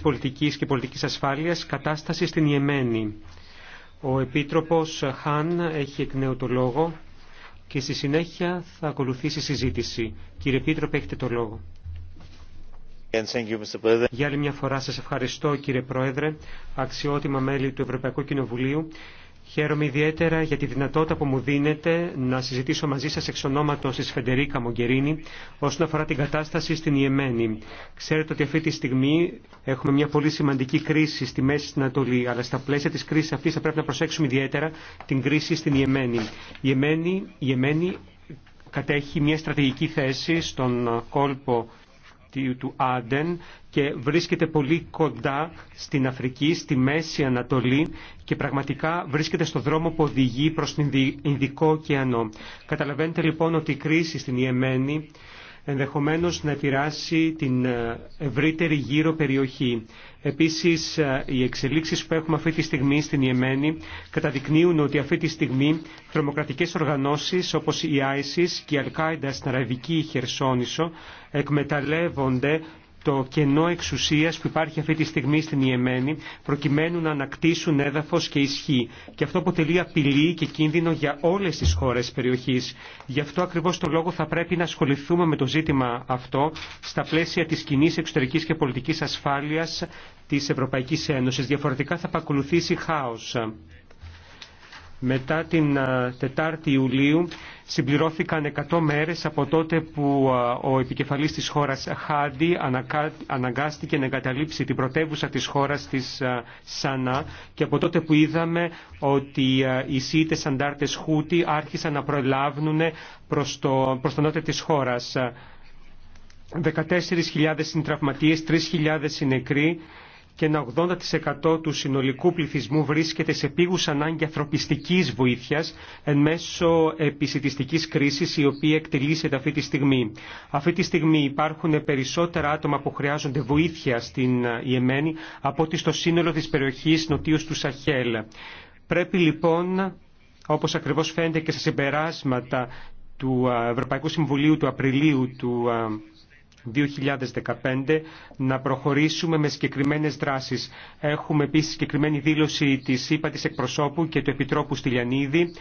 πολιτικής και πολιτικής ασφάλειας κατάσταση στην Ιεμένη. Ο Επίτροπος Χάν έχει εκ νέου το λόγο και στη συνέχεια θα ακολουθήσει συζήτηση. Κύριε Επίτροπε, έχετε το λόγο. Για άλλη μια φορά σας ευχαριστώ κύριε Πρόεδρε, αξιότιμα μέλη του Ευρωπαϊκού Κοινοβουλίου. Χαίρομαι ιδιαίτερα για τη δυνατότητα που μου δίνετε να συζητήσω μαζί σας εξ ονόματος της Φεντερίκα Μογκερίνη όσον αφορά την κατάσταση στην Ιεμένη. Ξέρετε ότι αυτή τη στιγμή έχουμε μια πολύ σημαντική κρίση στη Μέση στην Ανατολή, αλλά στα πλαίσια της κρίσης αυτής θα πρέπει να προσέξουμε ιδιαίτερα την κρίση στην Ιεμένη. Η Ιεμένη, η Ιεμένη κατέχει μια στρατηγική θέση στον κόλπο του Άντεν και βρίσκεται πολύ κοντά στην Αφρική, στη Μέση Ανατολή και πραγματικά βρίσκεται στο δρόμο που οδηγεί προς την Ινδικό ωκεανό. Καταλαβαίνετε λοιπόν ότι η κρίση στην Ιεμένη ενδεχομένως να επηράσει την ε, ευρύτερη γύρω περιοχή. Επίσης, ε, οι εξελίξεις που έχουμε αυτή τη στιγμή στην Ιεμένη καταδεικνύουν ότι αυτή τη στιγμή τρομοκρατικές οργανώσεις όπως η ISIS και η Al-Qaeda στην Αραβική Χερσόνησο εκμεταλλεύονται το κενό εξουσίας που υπάρχει αυτή τη στιγμή στην Ιεμένη προκειμένου να ανακτήσουν έδαφος και ισχύ. Και αυτό αποτελεί απειλή και κίνδυνο για όλες τις χώρες περιοχής. Γι' αυτό ακριβώς το λόγο θα πρέπει να ασχοληθούμε με το ζήτημα αυτό στα πλαίσια της κοινή εξωτερικής και πολιτικής ασφάλειας της Ευρωπαϊκής Ένωσης. Διαφορετικά θα πακολουθήσει χάος. Μετά την 4η Ιουλίου συμπληρώθηκαν 100 μέρες από τότε που ο επικεφαλής της χώρας Χάντι αναγκάστηκε να εγκαταλείψει την πρωτεύουσα της χώρας της Σανά και από τότε που είδαμε ότι οι ΣΥΙΤΕΣ αντάρτες Χούτι άρχισαν να προλάβουν προς το, προς το νότιο της χώρας. 14.000 είναι 3.000 συνεκροί και ένα 80% του συνολικού πληθυσμού βρίσκεται σε πήγους ανάγκη ανθρωπιστικής βοήθειας εν μέσω επισητιστικής κρίσης η οποία εκτελήσεται αυτή τη στιγμή. Αυτή τη στιγμή υπάρχουν περισσότερα άτομα που χρειάζονται βοήθεια στην Ιεμένη ε, από ότι στο σύνολο της περιοχής νοτίως του Σαχέλ. Πρέπει λοιπόν, όπως ακριβώς φαίνεται και στα συμπεράσματα του ε, Ευρωπαϊκού Συμβουλίου του Απριλίου του ε, 2015 να προχωρήσουμε με συγκεκριμένες δράσεις. Έχουμε επίσης συγκεκριμένη δήλωση της ΥΠΑ εκπροσώπου και του Επιτρόπου Στυλιανίδη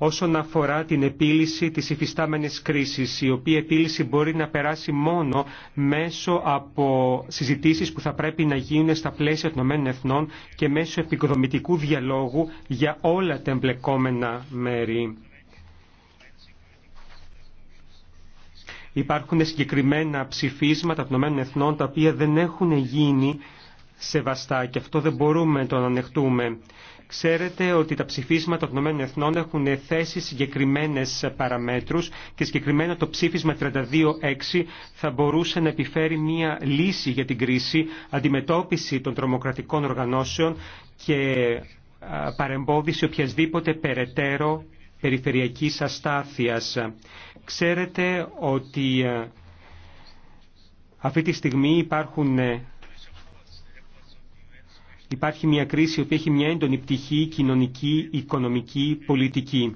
όσον αφορά την επίλυση της υφιστάμενης κρίσης, η οποία επίλυση μπορεί να περάσει μόνο μέσω από συζητήσεις που θα πρέπει να γίνουν στα πλαίσια των ΗΕ και μέσω επικοδομητικού διαλόγου για όλα τα εμπλεκόμενα μέρη. Υπάρχουν συγκεκριμένα ψηφίσματα των εθνών τα οποία δεν έχουν γίνει σεβαστά και αυτό δεν μπορούμε να το ανεχτούμε. Ξέρετε ότι τα ψηφίσματα των εθνών έχουν θέσει συγκεκριμένε παραμέτρου και συγκεκριμένα το ψήφισμα 32 32-6 θα μπορούσε να επιφέρει μια λύση για την κρίση, αντιμετώπιση των τρομοκρατικών οργανώσεων και παρεμπόδιση οποιασδήποτε περαιτέρω περιφερειακής αστάθειας. Ξέρετε ότι ε, αυτή τη στιγμή υπάρχουν ε, υπάρχει μια κρίση που έχει μια έντονη πτυχή κοινωνική, οικονομική, πολιτική.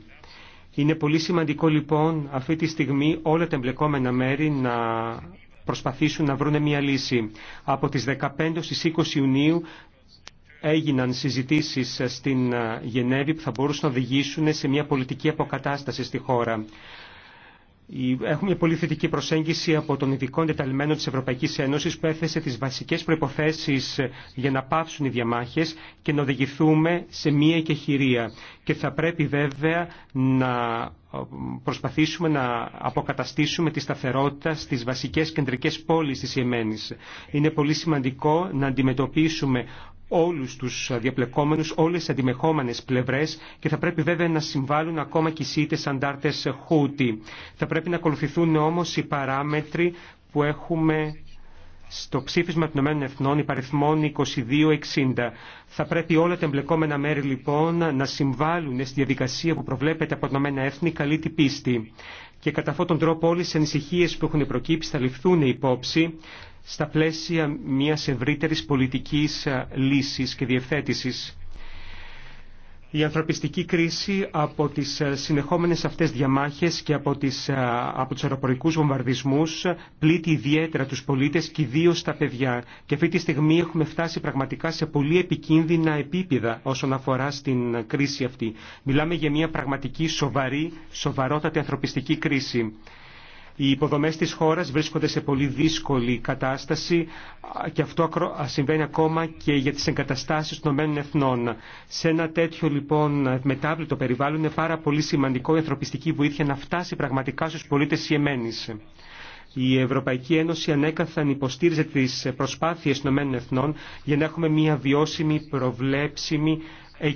Είναι πολύ σημαντικό λοιπόν αυτή τη στιγμή όλα τα εμπλεκόμενα μέρη να προσπαθήσουν να βρουν μια λύση. Από τις 15 στις 20 Ιουνίου έγιναν συζητήσεις στην ε, Γενέβη που θα μπορούσαν να οδηγήσουν σε μια πολιτική αποκατάσταση στη χώρα. Έχουμε μια πολύ θετική προσέγγιση από τον ειδικό εντεταλμένο της Ευρωπαϊκής Ένωσης που έθεσε τις βασικές προϋποθέσεις για να πάυσουν οι διαμάχες και να οδηγηθούμε σε μια εκεχηρία. Και θα πρέπει βέβαια να ε, προσπαθήσουμε να αποκαταστήσουμε τη σταθερότητα στις βασικές κεντρικές πόλεις της Ιεμένης. Είναι πολύ σημαντικό να αντιμετωπίσουμε όλους τους διαπλεκόμενους, όλες τις αντιμεχόμενες πλευρές και θα πρέπει βέβαια να συμβάλλουν ακόμα και οι σύντες αντάρτες Χούτι. Θα πρέπει να ακολουθηθούν όμως οι παράμετροι που έχουμε στο ψήφισμα των ΗΕ Εθνών υπαριθμών 2260. Θα πρέπει όλα τα εμπλεκόμενα μέρη λοιπόν να συμβάλλουν στη διαδικασία που προβλέπεται από την ΗΕ καλή την πίστη. Και κατά αυτόν τον τρόπο όλες οι ανησυχίες που έχουν προκύψει θα ληφθούν υπόψη στα πλαίσια μιας ευρύτερης πολιτικής ε, λύσης και διευθέτησης. Η ανθρωπιστική κρίση από τις ε, συνεχόμενες αυτές διαμάχες και από, τις, ε, από τους αεροπορικούς βομβαρδισμούς πλήττει ιδιαίτερα τους πολίτες και ιδίως τα παιδιά. Και αυτή τη στιγμή έχουμε φτάσει πραγματικά σε πολύ επικίνδυνα επίπεδα όσον αφορά στην κρίση αυτή. Μιλάμε για μια πραγματική σοβαρή, σοβαρότατη ανθρωπιστική κρίση. Οι υποδομές της χώρας βρίσκονται σε πολύ δύσκολη κατάσταση και αυτό συμβαίνει ακόμα και για τις εγκαταστάσεις των Ηνωμένων Εθνών. Σε ένα τέτοιο λοιπόν μετάβλητο περιβάλλον είναι πάρα πολύ σημαντικό η ανθρωπιστική βοήθεια να φτάσει πραγματικά στους πολίτες Ιεμένης. Η Ευρωπαϊκή Ένωση ανέκαθαν υποστήριζε τις προσπάθειες των Εθνών για να έχουμε μια βιώσιμη, προβλέψιμη ε,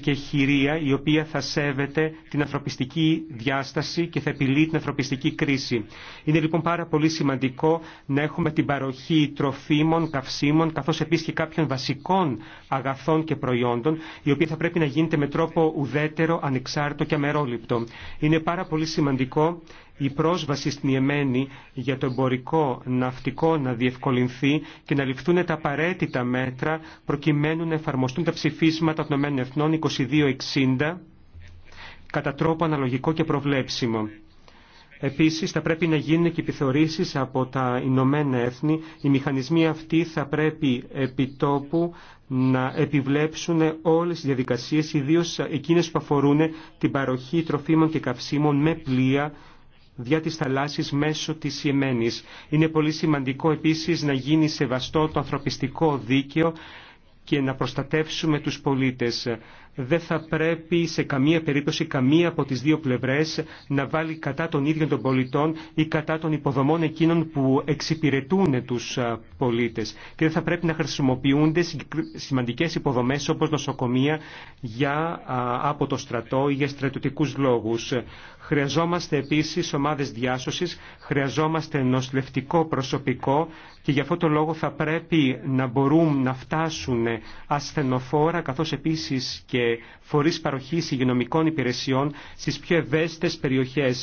η οποία θα σέβεται την ανθρωπιστική διάσταση και θα επιλύει την ανθρωπιστική κρίση. Είναι λοιπόν πάρα πολύ σημαντικό να έχουμε την παροχή τροφίμων, καυσίμων καθώς επίσης και κάποιων βασικών αγαθών και προϊόντων η οποία θα πρέπει να γίνεται με τρόπο ουδέτερο, ανεξάρτητο και αμερόληπτο. Είναι πάρα πολύ σημαντικό η πρόσβαση στην Ιεμένη για το εμπορικό ναυτικό να διευκολυνθεί και να ληφθούν τα απαραίτητα μέτρα προκειμένου να εφαρμοστούν τα ψηφίσματα των ΕΕ 2260 κατά τρόπο αναλογικό και προβλέψιμο. Επίσης θα πρέπει να γίνουν και επιθεωρήσεις από τα Ηνωμένα Έθνη. Οι μηχανισμοί αυτοί θα πρέπει επιτόπου να επιβλέψουν όλες τις διαδικασίες, ιδίως εκείνες που αφορούν την παροχή τροφίμων και καυσίμων με πλοία δια της θαλάσσης μέσω της Ιεμένης. Είναι πολύ σημαντικό επίσης να γίνει σεβαστό το ανθρωπιστικό δίκαιο και να προστατεύσουμε τους πολίτες δεν θα πρέπει σε καμία περίπτωση καμία από τις δύο πλευρές να βάλει κατά των ίδιων των πολιτών ή κατά των υποδομών εκείνων που εξυπηρετούν τους πολίτες και δεν θα πρέπει να χρησιμοποιούνται σημαντικές υποδομές όπως νοσοκομεία για, από το στρατό ή για στρατιωτικούς λόγους. Χρειαζόμαστε επίσης ομάδες διάσωσης, χρειαζόμαστε νοσηλευτικό προσωπικό και γι' αυτό το λόγο θα πρέπει να μπορούν να φτάσουν ασθενοφόρα καθώς επίσης και φορεί παροχή υγειονομικών υπηρεσιών στι πιο ευαίσθητε περιοχέ.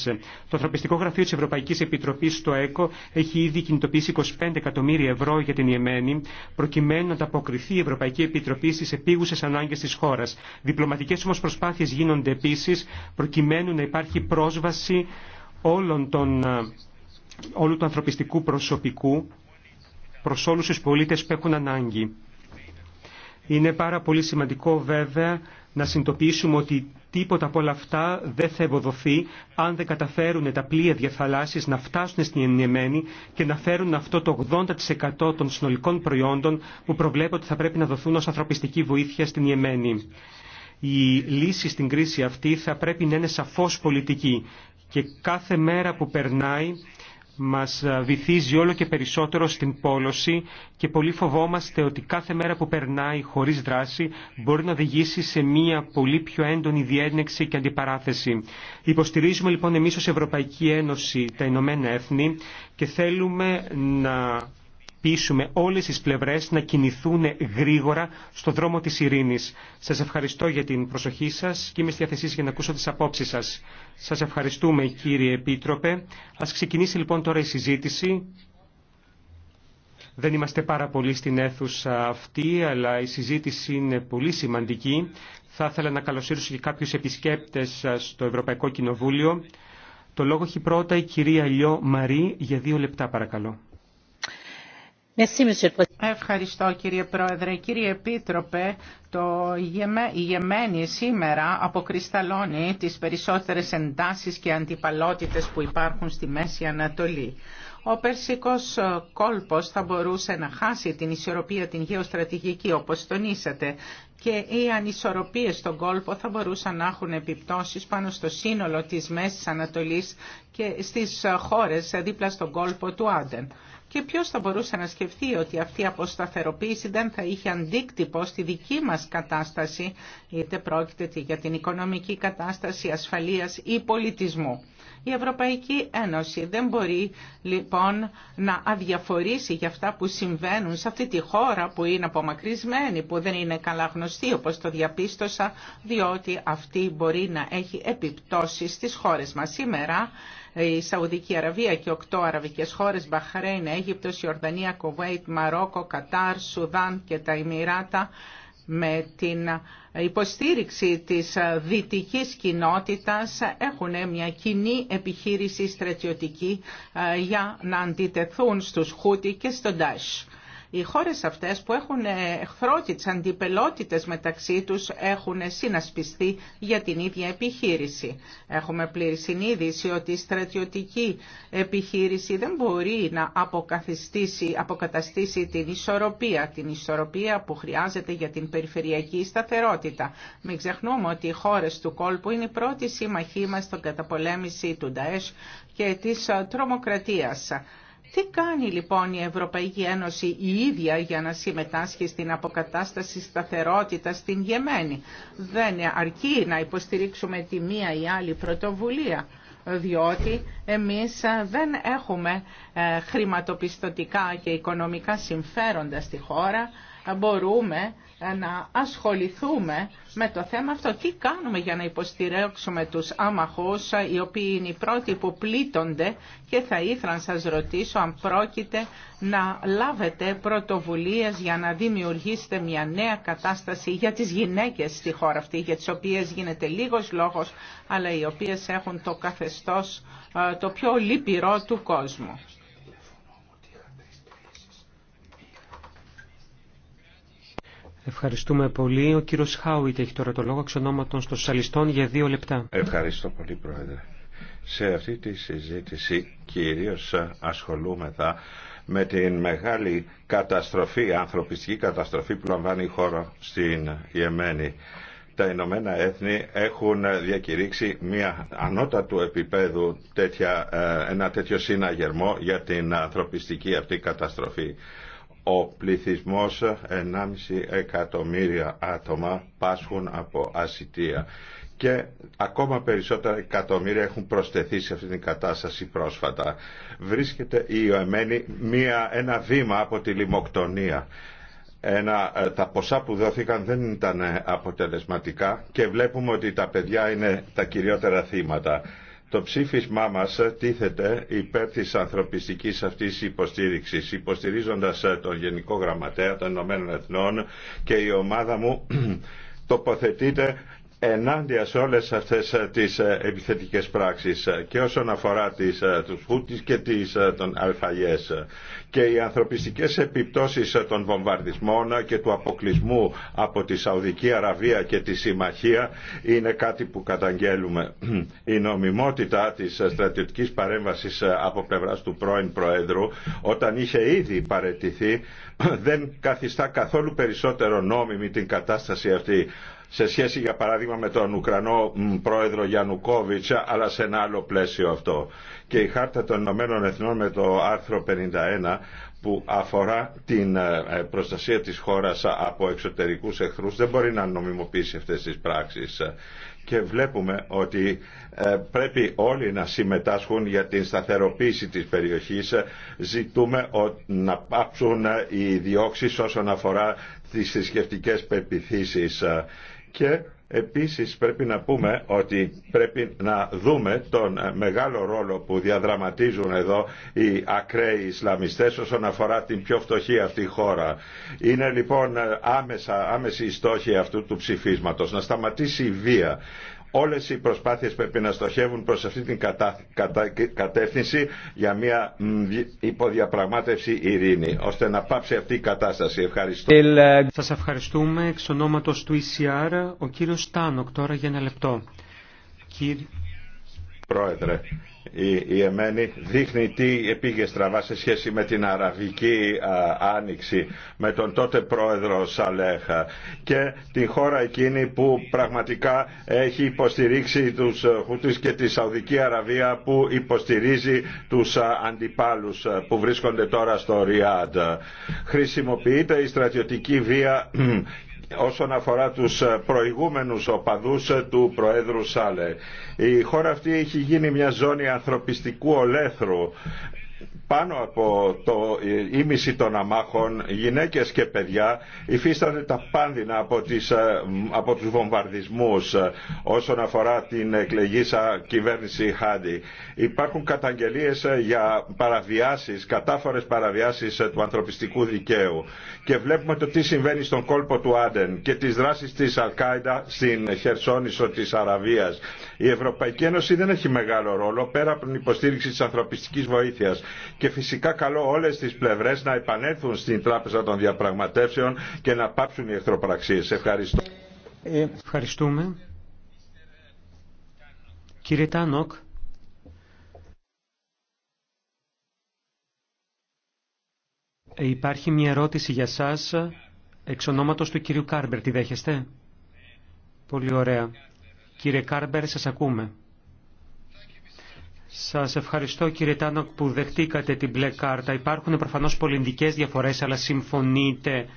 Το Ανθρωπιστικό Γραφείο τη Ευρωπαϊκή Επιτροπή, στο ΕΚΟ, έχει ήδη κινητοποιήσει 25 εκατομμύρια ευρώ για την Ιεμένη, προκειμένου να ανταποκριθεί η Ευρωπαϊκή Επιτροπή στι επίγουσε ανάγκε τη χώρα. Διπλωματικέ όμω προσπάθειε γίνονται επίση, προκειμένου να υπάρχει πρόσβαση όλων των, όλου του ανθρωπιστικού προσωπικού προς όλους τους πολίτες που έχουν ανάγκη. Είναι πάρα πολύ σημαντικό βέβαια να συνειδητοποιήσουμε ότι τίποτα από όλα αυτά δεν θα ευοδοθεί αν δεν καταφέρουν τα πλοία διαθαλάσσης να φτάσουν στην Ενιεμένη και να φέρουν αυτό το 80% των συνολικών προϊόντων που προβλέπω ότι θα πρέπει να δοθούν ως ανθρωπιστική βοήθεια στην Ιεμένη. Η λύση στην κρίση αυτή θα πρέπει να είναι σαφώς πολιτική και κάθε μέρα που περνάει μας ε, βυθίζει όλο και περισσότερο στην πόλωση και πολύ φοβόμαστε ότι κάθε μέρα που περνάει χωρίς δράση μπορεί να οδηγήσει σε μια πολύ πιο έντονη διένεξη και αντιπαράθεση. Υποστηρίζουμε λοιπόν εμείς ως Ευρωπαϊκή Ένωση τα Ηνωμένα Έθνη και θέλουμε να πείσουμε όλες τις πλευρές να κινηθούν γρήγορα στο δρόμο της ειρήνης. Σας ευχαριστώ για την προσοχή σας και είμαι στη διάθεσή για να ακούσω τις απόψεις σας. Σας ευχαριστούμε κύριε Επίτροπε. Ας ξεκινήσει λοιπόν τώρα η συζήτηση. Δεν είμαστε πάρα πολύ στην αίθουσα αυτή, αλλά η συζήτηση είναι πολύ σημαντική. Θα ήθελα να καλωσορίσω και κάποιους επισκέπτες στο Ευρωπαϊκό Κοινοβούλιο. Το λόγο έχει πρώτα η κυρία Λιώ Μαρή για δύο λεπτά παρακαλώ. Ευχαριστώ κύριε Πρόεδρε. Κύριε Επίτροπε, το η Γεμένη σήμερα αποκρισταλώνει τις περισσότερες εντάσεις και αντιπαλότητες που υπάρχουν στη Μέση Ανατολή. Ο περσικός κόλπος θα μπορούσε να χάσει την ισορροπία την γεωστρατηγική όπως τονίσατε και οι ανισορροπίες στον κόλπο θα μπορούσαν να έχουν επιπτώσεις πάνω στο σύνολο της Μέσης Ανατολής και στις χώρες δίπλα στον κόλπο του Άντεν. Και ποιος θα μπορούσε να σκεφτεί ότι αυτή η αποσταθεροποίηση δεν θα είχε αντίκτυπο στη δική μας κατάσταση, είτε πρόκειται για την οικονομική κατάσταση ασφαλείας ή πολιτισμού η Ευρωπαϊκή Ένωση. Δεν μπορεί λοιπόν να αδιαφορήσει για αυτά που συμβαίνουν σε αυτή τη χώρα που είναι απομακρυσμένη, που δεν είναι καλά γνωστή όπως το διαπίστωσα, διότι αυτή μπορεί να έχει επιπτώσεις στις χώρες μας. Σήμερα η Σαουδική Αραβία και οκτώ αραβικές χώρες, Μπαχρέιν, Αίγυπτος, Ιορδανία, Κοβέιτ, Μαρόκο, Κατάρ, Σουδάν και τα Εμμυράτα με την υποστήριξη της δυτικής κοινότητας έχουν μια κοινή επιχείρηση στρατιωτική ε, για να αντιτεθούν στους Χούτι και στον Τάσ. Οι χώρες αυτές που έχουν ε, εχθρό τις αντιπελότητες μεταξύ τους έχουν συνασπιστεί για την ίδια επιχείρηση. Έχουμε πλήρη συνείδηση ότι η στρατιωτική επιχείρηση δεν μπορεί να αποκαταστήσει την ισορροπία, την ισορροπία που χρειάζεται για την περιφερειακή σταθερότητα. Μην ξεχνούμε ότι οι χώρες του κόλπου είναι οι πρώτοι συμμαχοί μας στον καταπολέμηση του Νταέσ και της ε, τρομοκρατίας. Τι κάνει λοιπόν η Ευρωπαϊκή Ένωση η ίδια για να συμμετάσχει στην αποκατάσταση σταθερότητα στην Γεμένη. Δεν αρκεί να υποστηρίξουμε τη μία ή άλλη πρωτοβουλία διότι εμείς ε, δεν έχουμε ε, χρηματοπιστωτικά και οικονομικά συμφέροντα στη χώρα, μπορούμε ε, να ασχοληθούμε με το θέμα αυτό. Τι κάνουμε για να υποστηρέξουμε τους άμαχους ε, οι οποίοι είναι οι πρώτοι που πλήττονται και θα ήθελα να σας ρωτήσω αν πρόκειται να λάβετε πρωτοβουλίες για να δημιουργήσετε μια νέα κατάσταση για τις γυναίκες στη χώρα αυτή, για τις οποίες γίνεται λίγος λόγος, αλλά οι οποίες έχουν το καθεστώς ε, το πιο λυπηρό του κόσμου. Ευχαριστούμε πολύ. Ο κύριος Χάουιτ έχει τώρα το λόγο εξ ονόματων των Σαλιστών για δύο λεπτά. Ευχαριστώ πολύ Πρόεδρε. Σε αυτή τη συζήτηση κυρίως ασχολούμεθα με την μεγάλη καταστροφή, ανθρωπιστική καταστροφή που λαμβάνει η χώρα στην Ιεμένη. Τα Ηνωμένα Έθνη έχουν διακηρύξει μια ανώτατου επίπεδου τέτοια, ε, ένα τέτοιο συναγερμό για την ανθρωπιστική αυτή καταστροφή ο πληθυσμός 1,5 εκατομμύρια άτομα πάσχουν από ασυτεία και ακόμα περισσότερα εκατομμύρια έχουν προσθεθεί σε αυτήν την κατάσταση πρόσφατα. Βρίσκεται η Ιωεμένη μία, ένα βήμα από τη λιμοκτονία. Ένα, ε, τα ποσά που δόθηκαν δεν ήταν αποτελεσματικά και βλέπουμε ότι τα παιδιά είναι τα κυριότερα θύματα. Το ψήφισμά μας τίθεται υπέρ της ανθρωπιστικής αυτής υποστήριξης, υποστηρίζοντας ε, τον Γενικό Γραμματέα των Ηνωμένων Εθνών και η ομάδα μου τοποθετείται ενάντια σε όλες αυτές ε, τις ε, επιθετικές πράξεις ε, και όσον αφορά τις, τους Χούτις και τις, των Αλφαγιές και οι ανθρωπιστικές επιπτώσεις των βομβαρδισμών και του αποκλεισμού από τη Σαουδική Αραβία και τη Συμμαχία είναι κάτι που καταγγέλουμε. Η νομιμότητα της στρατιωτικής παρέμβασης από πλευράς του πρώην Προέδρου όταν είχε ήδη παρετηθεί δεν καθιστά καθόλου περισσότερο νόμιμη την κατάσταση αυτή σε σχέση για παράδειγμα με τον Ουκρανό πρόεδρο Γιαννουκόβιτσα αλλά σε ένα άλλο πλαίσιο αυτό. Και η Χάρτα των Ηνωμένων Εθνών με το άρθρο 51 που αφορά την ε, ε, προστασία της χώρας από εξωτερικούς εχθρούς δεν μπορεί να νομιμοποιήσει αυτές τις πράξεις και βλέπουμε ότι ε, πρέπει όλοι να συμμετάσχουν για την σταθεροποίηση της περιοχής. Ζητούμε να πάψουν οι διώξεις όσον αφορά τις θρησκευτικέ πεπιθήσεις και Επίσης πρέπει να πούμε ότι πρέπει να δούμε τον ε, μεγάλο ρόλο που διαδραματίζουν εδώ οι ακραίοι Ισλαμιστές όσον αφορά την πιο φτωχή αυτή χώρα. Είναι λοιπόν ε, άμεσα, άμεση η στόχη αυτού του ψηφίσματος να σταματήσει η βία Όλες οι προσπάθειες πρέπει να στοχεύουν προς αυτή την κατεύθυνση για μια υποδιαπραγμάτευση ειρήνη, ώστε να πάψει αυτή η κατάσταση. Ευχαριστώ. Σας ευχαριστούμε. Εξ ονόματος του ECR, ο κύριος Τάνοκ τώρα για ένα λεπτό. Κύριε... Πρόεδρε, η, Εμένη δείχνει τι επήγε στραβά σε σχέση με την Αραβική Άνοιξη, με τον τότε πρόεδρο Σαλέχα και την χώρα εκείνη που πραγματικά έχει υποστηρίξει τους Χούτης και τη Σαουδική Αραβία που υποστηρίζει τους αντιπάλους που βρίσκονται τώρα στο Ριάντ. Χρησιμοποιείται η στρατιωτική βία όσον αφορά τους ε, προηγούμενους οπαδούς ε, του Προέδρου Σάλε. Η χώρα αυτή έχει γίνει μια ζώνη ανθρωπιστικού ολέθρου πάνω από το ίμιση των αμάχων, γυναίκες και παιδιά υφίστανται τα πάνδυνα από, τις, ε, από τους βομβαρδισμούς ε, όσον αφορά την εκλεγήσα κυβέρνηση Χάντι. Υπάρχουν καταγγελίες ε, για παραβιάσεις, κατάφορες παραβιάσεις του ανθρωπιστικού δικαίου και βλέπουμε το τι συμβαίνει στον κόλπο του Άντεν και τις δράσεις της Αλκάιντα στην Χερσόνησο της Αραβίας. Η Ευρωπαϊκή Ένωση δεν έχει μεγάλο ρόλο πέρα από την υποστήριξη της ανθρωπιστικής βοήθειας και φυσικά καλώ όλες τις πλευρές να επανέλθουν στην Τράπεζα των Διαπραγματεύσεων και να πάψουν οι εχθροπραξίες. Ευχαριστώ. Ε, ευχαριστούμε. Κύριε Τάνοκ. Ε, υπάρχει μια ερώτηση για σας εξ ονόματος του κυρίου Κάρμπερ. Τη δέχεστε? Πολύ ωραία. Κύριε Κάρμπερ, σας ακούμε. Σας ευχαριστώ κύριε Τάνοκ που δεχτήκατε την μπλε κάρτα. Υπάρχουν προφανώς πολιτικές διαφορές, αλλά συμφωνείτε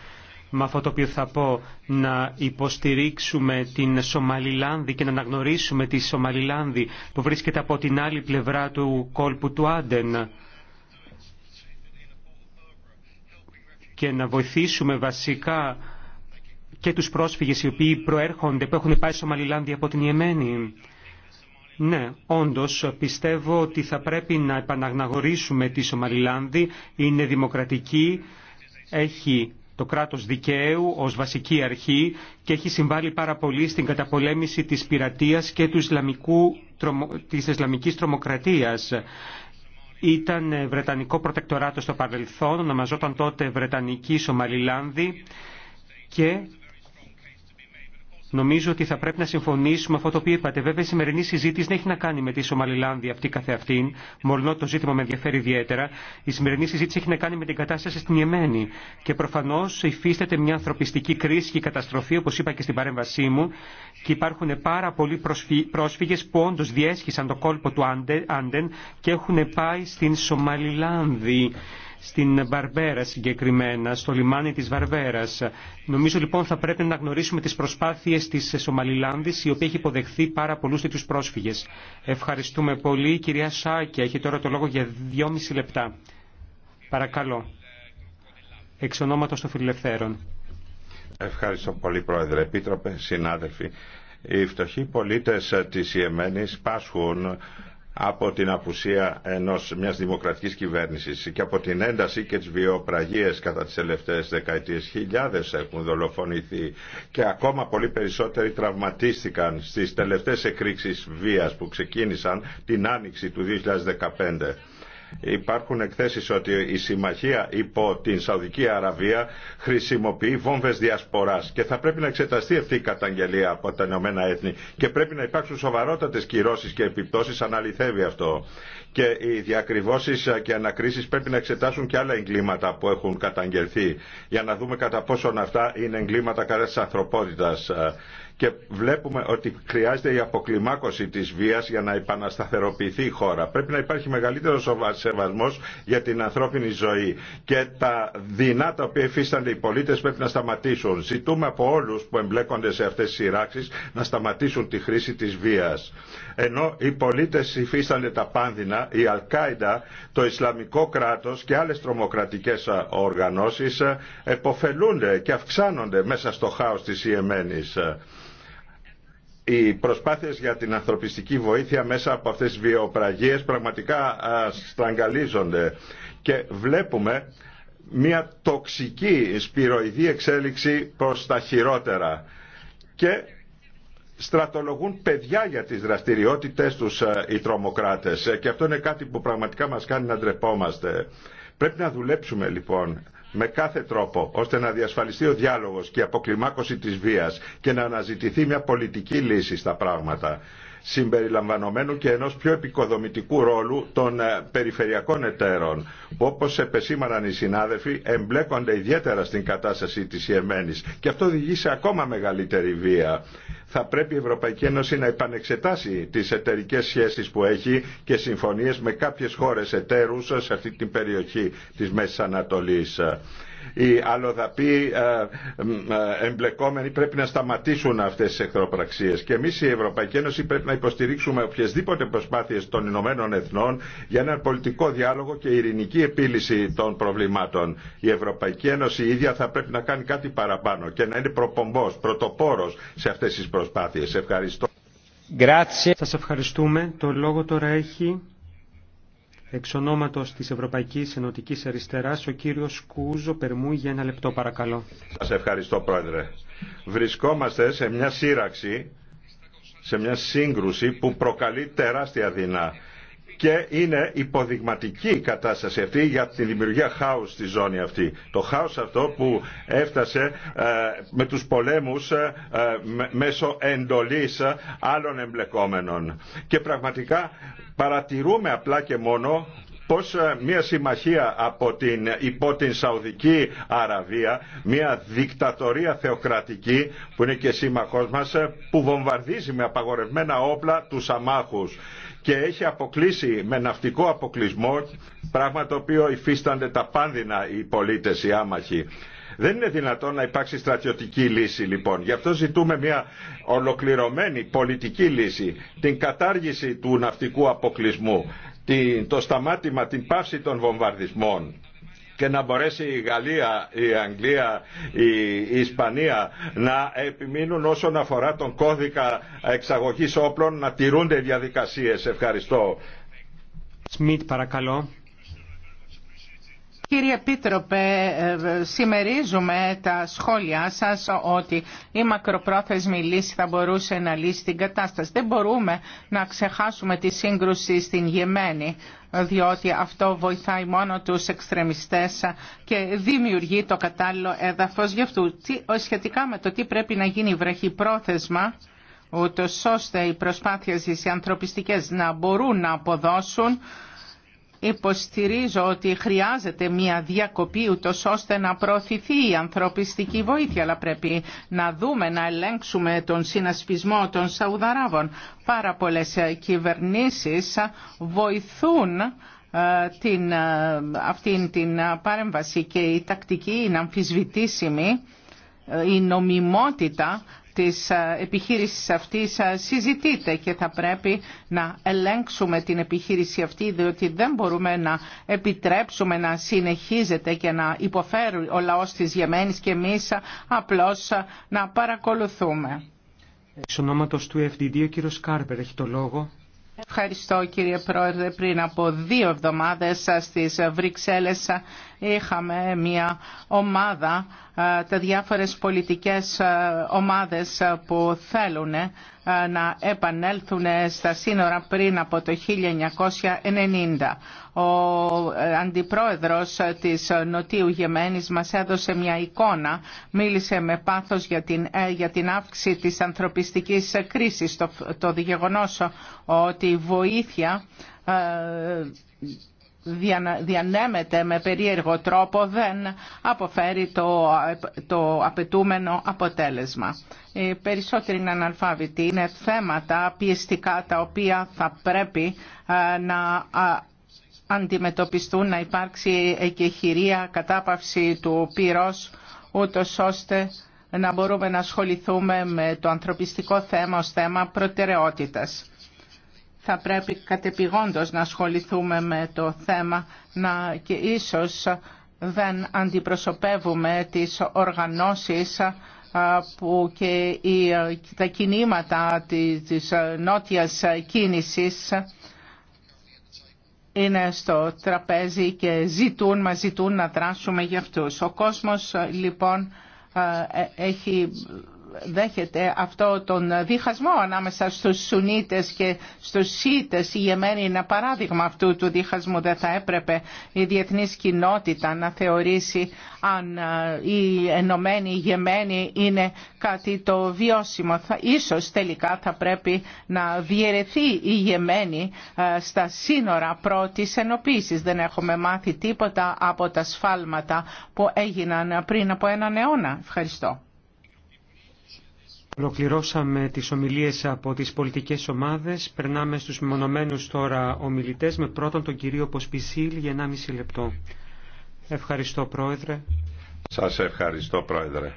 με αυτό το οποίο θα πω, να υποστηρίξουμε την Σομαλιλάνδη και να αναγνωρίσουμε τη Σομαλιλάνδη που βρίσκεται από την άλλη πλευρά του κόλπου του Άντεν και να βοηθήσουμε βασικά και τους πρόσφυγες οι οποίοι προέρχονται, που έχουν πάει Σομαλιλάνδη από την Ιεμένη. Ναι, όντως πιστεύω ότι θα πρέπει να επαναγνωρίσουμε τη Σομαλιλάνδη. Είναι δημοκρατική, έχει το κράτος δικαίου ως βασική αρχή και έχει συμβάλει πάρα πολύ στην καταπολέμηση της πειρατείας και του Ισλαμικού, της Ισλαμικής τρομοκρατίας. Ήταν Βρετανικό προτεκτοράτο στο παρελθόν, ονομαζόταν τότε Βρετανική Σομαλιλάνδη και Νομίζω ότι θα πρέπει να συμφωνήσουμε αυτό το οποίο είπατε. Βέβαια, η σημερινή συζήτηση δεν έχει να κάνει με τη Σομαλιλάνδη αυτή καθεαυτήν, μόλον το ζήτημα με ενδιαφέρει ιδιαίτερα. Η σημερινή συζήτηση έχει να κάνει με την κατάσταση στην Ιεμένη. Και προφανώ υφίσταται μια ανθρωπιστική κρίση και καταστροφή, όπω είπα και στην παρέμβασή μου, και υπάρχουν πάρα πολλοί πρόσφυγε που όντω διέσχισαν το κόλπο του Άντεν και έχουν πάει στην Σομαλιλάνδη στην Βαρβέρα συγκεκριμένα, στο λιμάνι της Βαρβέρας. Νομίζω λοιπόν θα πρέπει να γνωρίσουμε τις προσπάθειες της Σομαλιλάνδης, η οποία έχει υποδεχθεί πάρα πολλούς τέτοιους πρόσφυγες. Ευχαριστούμε πολύ. κυρία Σάκια έχει τώρα το λόγο για δυόμιση λεπτά. Παρακαλώ. Εξ ονόματος των Φιλελευθέρων. Ευχαριστώ πολύ Πρόεδρε, Επίτροπε, συνάδελφοι. Οι φτωχοί πολίτες της Ιεμένης πάσχουν από την απουσία ενός μιας δημοκρατικής κυβέρνησης και από την ένταση και τις βιοπραγίες κατά τις τελευταίες δεκαετίες. Χιλιάδες έχουν δολοφονηθεί και ακόμα πολύ περισσότεροι τραυματίστηκαν στις τελευταίες εκρήξεις βίας που ξεκίνησαν την άνοιξη του 2015. Υπάρχουν εκθέσεις ότι η συμμαχία υπό την Σαουδική Αραβία χρησιμοποιεί βόμβες διασποράς και θα πρέπει να εξεταστεί αυτή η καταγγελία από τα Ηνωμένα Έθνη και πρέπει να υπάρξουν σοβαρότατες κυρώσεις και επιπτώσεις αληθεύει αυτό. Και οι διακριβώσεις και ανακρίσεις πρέπει να εξετάσουν και άλλα εγκλήματα που έχουν καταγγελθεί για να δούμε κατά πόσον αυτά είναι εγκλήματα κατά της ανθρωπότητας και βλέπουμε ότι χρειάζεται η αποκλιμάκωση της βίας για να επανασταθεροποιηθεί η χώρα. Πρέπει να υπάρχει μεγαλύτερο σεβασμό για την ανθρώπινη ζωή και τα δεινά τα οποία υφίστανται οι πολίτες πρέπει να σταματήσουν. Ζητούμε από όλους που εμπλέκονται σε αυτές τις σειράξεις να σταματήσουν τη χρήση της βίας. Ενώ οι πολίτες υφίστανται τα πάνδυνα, η Αλκάιντα, το Ισλαμικό κράτος και άλλες τρομοκρατικές οργανώσεις ε, εποφελούνται και αυξάνονται μέσα στο χάος της Ιεμένης οι προσπάθειες για την ανθρωπιστική βοήθεια μέσα από αυτές τις βιοπραγίες πραγματικά στραγγαλίζονται και βλέπουμε μια τοξική σπυροειδή εξέλιξη προς τα χειρότερα και στρατολογούν παιδιά για τις δραστηριότητες τους οι τρομοκράτες ε, και αυτό είναι κάτι που πραγματικά μας κάνει να ντρεπόμαστε. Πρέπει να δουλέψουμε λοιπόν με κάθε τρόπο ώστε να διασφαλιστεί ο διάλογος και η αποκλιμάκωση της βίας και να αναζητηθεί μια πολιτική λύση στα πράγματα συμπεριλαμβανομένου και ενός πιο επικοδομητικού ρόλου των ε, περιφερειακών εταίρων που όπως επεσήμαναν οι συνάδελφοι εμπλέκονται ιδιαίτερα στην κατάσταση της Ιεμένης και αυτό οδηγεί σε ακόμα μεγαλύτερη βία. Θα πρέπει η Ευρωπαϊκή Ένωση να επανεξετάσει τις εταιρικές σχέσεις που έχει και συμφωνίες με κάποιες χώρες εταίρους σε αυτή την περιοχή της Μέσης Ανατολής οι αλλοδαποί ε, ε, εμπλεκόμενοι πρέπει να σταματήσουν αυτές τις εχθροπραξίες. Και εμείς η Ευρωπαϊκή Ένωση πρέπει να υποστηρίξουμε οποιασδήποτε προσπάθειες των Ηνωμένων Εθνών για έναν πολιτικό διάλογο και ειρηνική επίλυση των προβλημάτων. Η Ευρωπαϊκή Ένωση ίδια θα πρέπει να κάνει κάτι παραπάνω και να είναι προπομπός, πρωτοπόρος σε αυτές τις προσπάθειες. Ευχαριστώ. Σας ευχαριστούμε. Το λόγο τώρα έχει Εξ ονόματος της Ευρωπαϊκής Ενωτικής Αριστεράς, ο κύριος Κούζο Περμού για ένα λεπτό παρακαλώ. Σας ευχαριστώ πρόεδρε. Βρισκόμαστε σε μια σύραξη, σε μια σύγκρουση που προκαλεί τεράστια δεινά και είναι υποδειγματική η κατάσταση αυτή για τη δημιουργία χάους στη ζώνη αυτή. Το χάος αυτό που έφτασε ε, με τους πολέμους ε, ε, μέσω εντολής άλλων εμπλεκόμενων. Και πραγματικά παρατηρούμε απλά και μόνο πως ε, μια συμμαχία από την, υπό την Σαουδική Αραβία, μια δικτατορία θεοκρατική που είναι και σύμμαχός μας, ε, που βομβαρδίζει με απαγορευμένα όπλα τους αμάχους και έχει αποκλείσει με ναυτικό αποκλεισμό, πράγμα το οποίο υφίστανται τα πάνδυνα οι πολίτες, οι άμαχοι. Δεν είναι δυνατόν να υπάρξει στρατιωτική λύση λοιπόν. Γι' αυτό ζητούμε μια ολοκληρωμένη πολιτική λύση, την κατάργηση του ναυτικού αποκλεισμού το σταμάτημα, την πάυση των βομβαρδισμών και να μπορέσει η Γαλλία, η Αγγλία, η Ισπανία να επιμείνουν όσον αφορά τον κώδικα εξαγωγής όπλων να τηρούνται διαδικασίες. Ευχαριστώ. Σμιτ παρακαλώ. Κύριε Πίτροπε, ε, σημερίζουμε τα σχόλιά σας ότι η μακροπρόθεσμη λύση θα μπορούσε να λύσει την κατάσταση. Δεν μπορούμε να ξεχάσουμε τη σύγκρουση στην Γεμένη, διότι αυτό βοηθάει μόνο τους εξτρεμιστές και δημιουργεί το κατάλληλο έδαφος γι' αυτό, Σχετικά με το τι πρέπει να γίνει βραχυπρόθεσμα, ούτως ώστε οι προσπάθειες οι ανθρωπιστικές να μπορούν να αποδώσουν, Υποστηρίζω ότι χρειάζεται μια διακοπή ούτως ώστε να προωθηθεί η ανθρωπιστική βοήθεια, αλλά πρέπει να δούμε, να ελέγξουμε τον συνασπισμό των Σαουδαράβων. Πάρα πολλές ε, κυβερνήσεις βοηθούν ε, την, ε, αυτήν την παρέμβαση και η τακτική είναι αμφισβητήσιμη η νομιμότητα της ε, επιχείρησης αυτής ε, συζητείται και θα πρέπει να ελέγξουμε την επιχείρηση αυτή διότι δεν μπορούμε να επιτρέψουμε να συνεχίζεται και να υποφέρει ο λαός της Γεμένης και εμείς ε, απλώς να παρακολουθούμε. Εξ ονόματος του FDD ο κύριος Κάρπερ έχει το λόγο. Ευχαριστώ κύριε Πρόεδρε. Πριν από δύο εβδομάδες στις Βρυξέλλες είχαμε μια ομάδα, ε, τα διάφορες πολιτικές ε, ομάδες που θέλουν ε, να επανέλθουν στα σύνορα πριν από το 1990. Ο ε, αντιπρόεδρος της Νοτίου Γεμένης μας έδωσε μια εικόνα, μίλησε με πάθος για την, ε, για την αύξηση της ανθρωπιστικής κρίσης, το, το ότι η βοήθεια ε, διανέμεται με περίεργο τρόπο δεν αποφέρει το, το απαιτούμενο αποτέλεσμα. Οι περισσότεροι είναι αναλφάβητοι, είναι θέματα πιεστικά τα οποία θα πρέπει να αντιμετωπιστούν, να υπάρξει εκεχηρία, κατάπαυση του πυρός, ούτω ώστε να μπορούμε να ασχοληθούμε με το ανθρωπιστικό θέμα ως θέμα προτεραιότητας. Θα πρέπει κατεπηγόντως να ασχοληθούμε με το θέμα να, και ίσως δεν αντιπροσωπεύουμε τις οργανώσεις που και τα κινήματα της νότιας κίνησης είναι στο τραπέζι και ζητούν, μα ζητούν να δράσουμε για αυτούς. Ο κόσμος λοιπόν ε, ε, έχει δέχεται αυτό τον διχασμό ανάμεσα στους Σουνίτες και στους Σίτες. Η Γεμένη είναι παράδειγμα αυτού του διχασμού. Δεν θα έπρεπε η διεθνής κοινότητα να θεωρήσει αν ε, η ενωμένη Γεμένη είναι κάτι το βιώσιμο. Ίσως τελικά θα πρέπει να διαιρεθεί η Γεμένη ε, στα σύνορα πρώτης ενοποίησης. Δεν έχουμε μάθει τίποτα από τα σφάλματα που έγιναν πριν από έναν αιώνα. Ευχαριστώ. Ολοκληρώσαμε τις ομιλίες από τις πολιτικές ομάδες. Περνάμε στους μονομένους τώρα ομιλητές με πρώτον τον κύριο Ποσπισίλ για 1,5 λεπτό. Ευχαριστώ Πρόεδρε. Σας ευχαριστώ Πρόεδρε.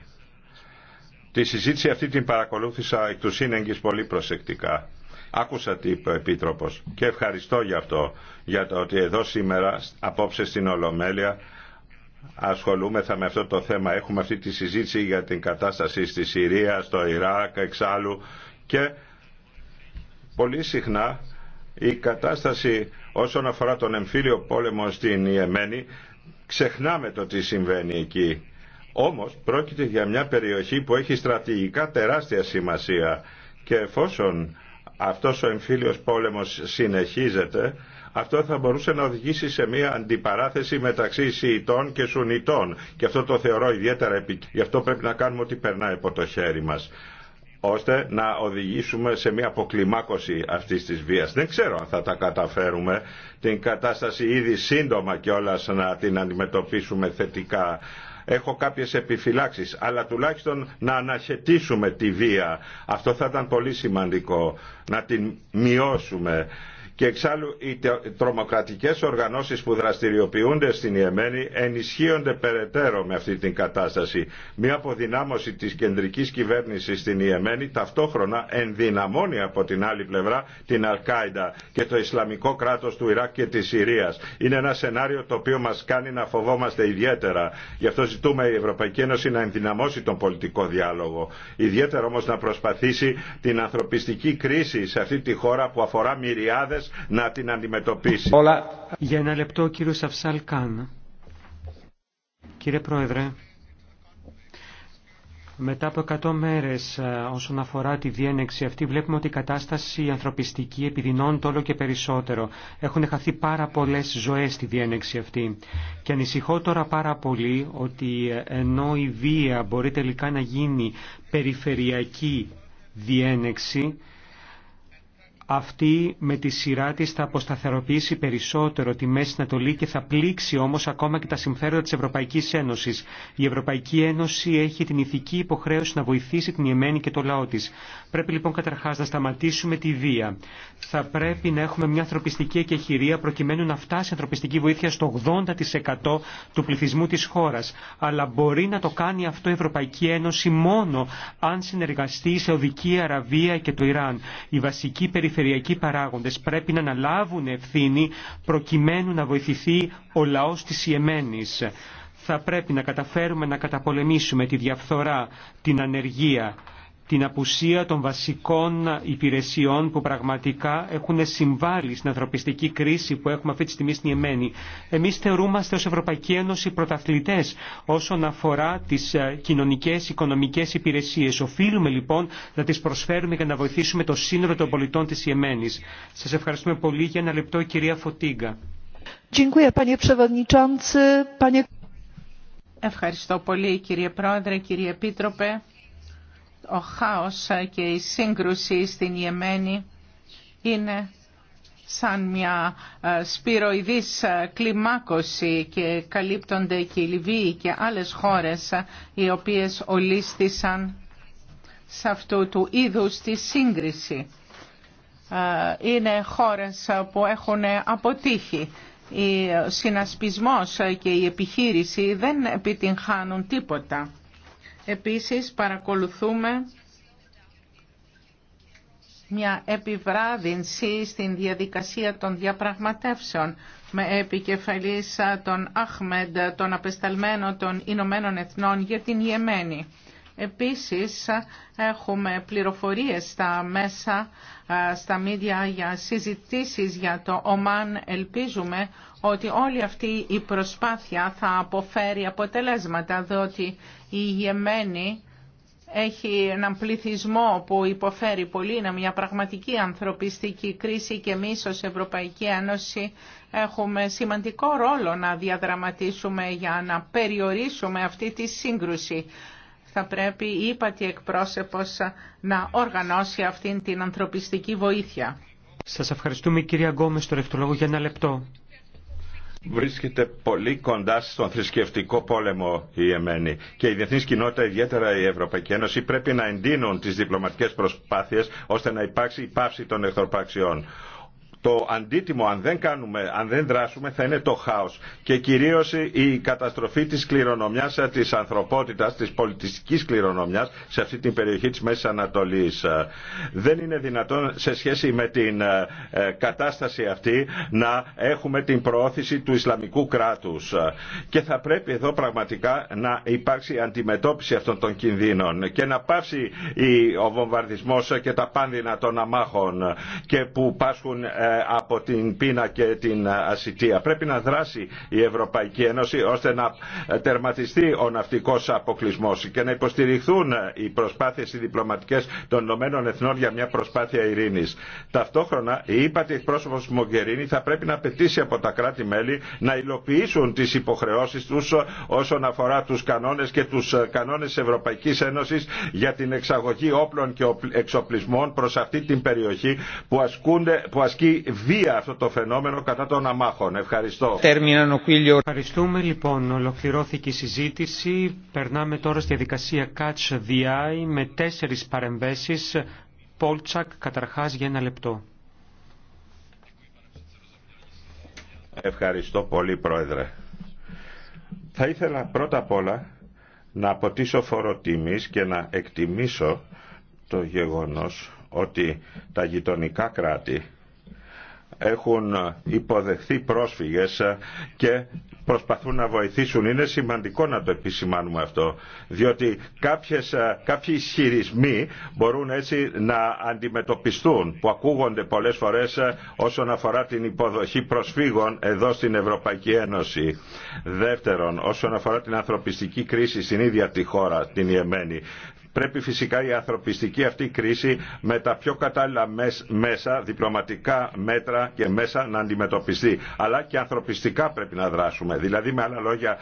Τη συζήτηση αυτή την παρακολούθησα εκ του σύνεγγυς πολύ προσεκτικά. Άκουσα τι είπε ο Επίτροπος και ευχαριστώ για αυτό, για το ότι εδώ σήμερα απόψε στην Ολομέλεια ασχολούμεθα με αυτό το θέμα. Έχουμε αυτή τη συζήτηση για την κατάσταση στη Συρία, στο Ιράκ, εξάλλου και πολύ συχνά η κατάσταση όσον αφορά τον εμφύλιο πόλεμο στην Ιεμένη ξεχνάμε το τι συμβαίνει εκεί. Όμως πρόκειται για μια περιοχή που έχει στρατηγικά τεράστια σημασία και εφόσον αυτός ο εμφύλιος πόλεμος συνεχίζεται αυτό θα μπορούσε να οδηγήσει σε μια αντιπαράθεση μεταξύ Σιητών και Σουνιτών. Και αυτό το θεωρώ ιδιαίτερα επικίνδυνο. Γι' αυτό πρέπει να κάνουμε ό,τι περνάει από το χέρι μα, ώστε να οδηγήσουμε σε μια αποκλιμάκωση αυτής της βίας. Δεν ξέρω αν θα τα καταφέρουμε την κατάσταση ήδη σύντομα και όλας να την αντιμετωπίσουμε θετικά. Έχω κάποιες επιφυλάξεις, αλλά τουλάχιστον να αναχαιτήσουμε τη βία. Αυτό θα ήταν πολύ σημαντικό, να την μειώσουμε. Και εξάλλου οι τρομοκρατικές οργανώσεις που δραστηριοποιούνται στην Ιεμένη ενισχύονται περαιτέρω με αυτή την κατάσταση. Μια αποδυνάμωση της κεντρικής κυβέρνησης στην Ιεμένη ταυτόχρονα ενδυναμώνει από την άλλη πλευρά την Αλκάιντα και το Ισλαμικό κράτος του Ιράκ και της Συρίας. Είναι ένα σενάριο το οποίο μας κάνει να φοβόμαστε ιδιαίτερα. Γι' αυτό ζητούμε η Ευρωπαϊκή Ένωση να ενδυναμώσει τον πολιτικό διάλογο. Ιδιαίτερα όμως να προσπαθήσει την ανθρωπιστική κρίση σε αυτή τη χώρα που αφορά μυριάδες να την αντιμετωπίσει. Όλα. Για ένα λεπτό κύριο κύριος Καν. Κύριε Πρόεδρε, μετά από 100 μέρες ε, όσον αφορά τη διένεξη αυτή βλέπουμε ότι η κατάσταση ανθρωπιστική επιδεινώνεται όλο και περισσότερο. Έχουν χαθεί πάρα πολλές ζωές στη διένεξη αυτή. Και ανησυχώ τώρα πάρα πολύ ότι ε, ενώ η βία μπορεί τελικά να γίνει περιφερειακή διένεξη, αυτή με τη σειρά τη θα αποσταθεροποιήσει περισσότερο τη Μέση Ανατολή και θα πλήξει όμω ακόμα και τα συμφέροντα τη Ευρωπαϊκή Ένωση. Η Ευρωπαϊκή Ένωση έχει την ηθική υποχρέωση να βοηθήσει την Ιεμένη και το λαό τη. Πρέπει λοιπόν καταρχά να σταματήσουμε τη βία. Θα πρέπει να έχουμε μια ανθρωπιστική εκεχηρία προκειμένου να φτάσει η ανθρωπιστική βοήθεια στο 80% του πληθυσμού τη χώρα. Αλλά μπορεί να το κάνει αυτό η Ευρωπαϊκή Ένωση μόνο αν συνεργαστεί η Σαουδική Αραβία και το Ιράν. Η βασική περιφερειακοί παράγοντες πρέπει να αναλάβουν ευθύνη προκειμένου να βοηθηθεί ο λαός της Ιεμένης. Θα πρέπει να καταφέρουμε να καταπολεμήσουμε τη διαφθορά, την ανεργία, την απουσία των βασικών υπηρεσιών που πραγματικά έχουν συμβάλει στην ανθρωπιστική κρίση που έχουμε αυτή τη στιγμή στην Ιεμένη. Εμείς θεωρούμαστε ως Ευρωπαϊκή Ένωση πρωταθλητές όσον αφορά τις ε, κοινωνικές, οικονομικές υπηρεσίες. Οφείλουμε λοιπόν να τις προσφέρουμε για να βοηθήσουμε το σύνολο των πολιτών της Ιεμένης. Σας ευχαριστούμε πολύ για ένα λεπτό κυρία Φωτίγκα. Ευχαριστώ πολύ κύριε Πρόεδρε, κύριε Επίτροπε ο χάος και η σύγκρουση στην Ιεμένη είναι σαν μια ε, σπυροειδής ε, κλιμάκωση και καλύπτονται και οι Λιβύοι και άλλες χώρες ε, οι οποίες ολίστησαν σε αυτού του είδους τη σύγκριση. Είναι χώρες που έχουν αποτύχει. Ο συνασπισμός και η επιχείρηση δεν επιτυγχάνουν τίποτα. Επίσης παρακολουθούμε μια επιβράδυνση στην διαδικασία των διαπραγματεύσεων με επικεφαλής τον Αχμέντ, τον απεσταλμένο των Ηνωμένων Εθνών για την Ιεμένη. Επίσης έχουμε πληροφορίες στα μέσα, στα μίδια για συζητήσεις για το ΟΜΑΝ. Ελπίζουμε ότι όλη αυτή η προσπάθεια θα αποφέρει αποτελέσματα, διότι η Γεμένη έχει έναν πληθυσμό που υποφέρει πολύ, είναι μια πραγματική ανθρωπιστική κρίση και εμεί ω Ευρωπαϊκή Ένωση έχουμε σημαντικό ρόλο να διαδραματίσουμε για να περιορίσουμε αυτή τη σύγκρουση. Θα πρέπει η ύπατη εκπρόσωπος να οργανώσει αυτήν την ανθρωπιστική βοήθεια. Σας ευχαριστούμε κυρία Γκόμες, το για ένα λεπτό. Βρίσκεται πολύ κοντά στον θρησκευτικό πόλεμο η Εμένη και η διεθνή κοινότητα, ιδιαίτερα η Ευρωπαϊκή Ένωση, πρέπει να εντείνουν τι διπλωματικέ προσπάθειε ώστε να υπάρξει η πάυση των εχθροπραξιών το αντίτιμο αν δεν, κάνουμε, αν δεν δράσουμε θα είναι το χάος και κυρίως η καταστροφή της κληρονομιάς της ανθρωπότητας, της πολιτιστικής κληρονομιάς σε αυτή την περιοχή της Μέσης Ανατολής. Δεν είναι δυνατόν σε σχέση με την ε, κατάσταση αυτή να έχουμε την προώθηση του Ισλαμικού κράτους και θα πρέπει εδώ πραγματικά να υπάρξει αντιμετώπιση αυτών των κινδύνων και να πάψει ο βομβαρδισμός και τα πάνδυνα των αμάχων και που πάσχουν ε, ε, από την πείνα και την ε, ασυτεία. Πρέπει να δράσει η Ευρωπαϊκή Ένωση ώστε να ε, τερματιστεί ο ναυτικός αποκλεισμός και να υποστηριχθούν οι προσπάθειες οι διπλωματικές των Ηνωμένων Εθνών για μια προσπάθεια ειρήνης. Ταυτόχρονα η ύπατη εκπρόσωπος Μογκερίνη θα πρέπει να απαιτήσει από τα κράτη-μέλη να υλοποιήσουν τις υποχρεώσεις τους όσον αφορά τους κανόνες και τους κανόνες της Ευρωπαϊκής Ένωσης για την εξαγωγή όπλων και εξοπλισμών προς αυτή την περιοχή που, ασκούνται, που ασκεί βία αυτό το φαινόμενο κατά των αμάχων. Ευχαριστώ. Ευχαριστούμε λοιπόν. Ολοκληρώθηκε η συζήτηση. Περνάμε τώρα στη διαδικασία Catch the Eye με τέσσερι παρεμβέσει. Πόλτσακ Καταρχά για ένα λεπτό. Ευχαριστώ πολύ Πρόεδρε. Θα ήθελα πρώτα απ' όλα να αποτίσω φοροτιμής και να εκτιμήσω το γεγονός ότι τα γειτονικά κράτη έχουν υποδεχθεί πρόσφυγες και προσπαθούν να βοηθήσουν. Είναι σημαντικό να το επισημάνουμε αυτό, διότι κάποιες, κάποιοι ισχυρισμοί μπορούν έτσι να αντιμετωπιστούν, που ακούγονται πολλές φορές όσον αφορά την υποδοχή προσφύγων εδώ στην Ευρωπαϊκή Ένωση. Δεύτερον, όσον αφορά την ανθρωπιστική κρίση στην ίδια τη χώρα, την Ιεμένη, Πρέπει φυσικά η ανθρωπιστική αυτή κρίση με τα πιο κατάλληλα μέσα, διπλωματικά μέτρα και μέσα να αντιμετωπιστεί. Αλλά και ανθρωπιστικά πρέπει να δράσουμε. Δηλαδή, με άλλα λόγια,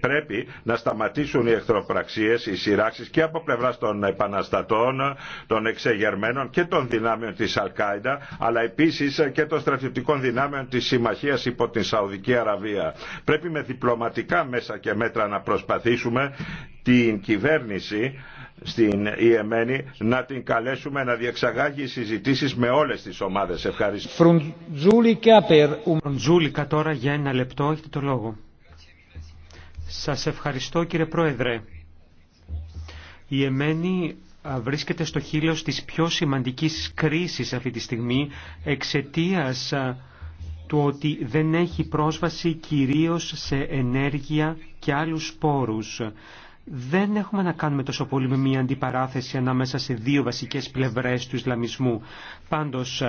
πρέπει να σταματήσουν οι εχθροπραξίε, οι σειράξει και από πλευρά των επαναστατών, των εξεγερμένων και των δυνάμεων τη Αλκάιντα, αλλά επίση και των στρατιωτικών δυνάμεων τη Συμμαχία υπό την Σαουδική Αραβία. Πρέπει με διπλωματικά μέσα και μέτρα να προσπαθήσουμε την κυβέρνηση στην Ιεμένη να την καλέσουμε να διεξαγάγει συζητήσεις με όλες τις ομάδες. Ευχαριστώ. Φρουντζούλικα τώρα για ένα λεπτό έχετε το λόγο. Σας ευχαριστώ κύριε Πρόεδρε. Η Εμένη βρίσκεται στο χείλος της πιο σημαντικής κρίσης αυτή τη στιγμή εξαιτίας του ότι δεν έχει πρόσβαση κυρίως σε ενέργεια και άλλους πόρους δεν έχουμε να κάνουμε τόσο πολύ με μια αντιπαράθεση ανάμεσα σε δύο βασικές πλευρές του Ισλαμισμού. Πάντως,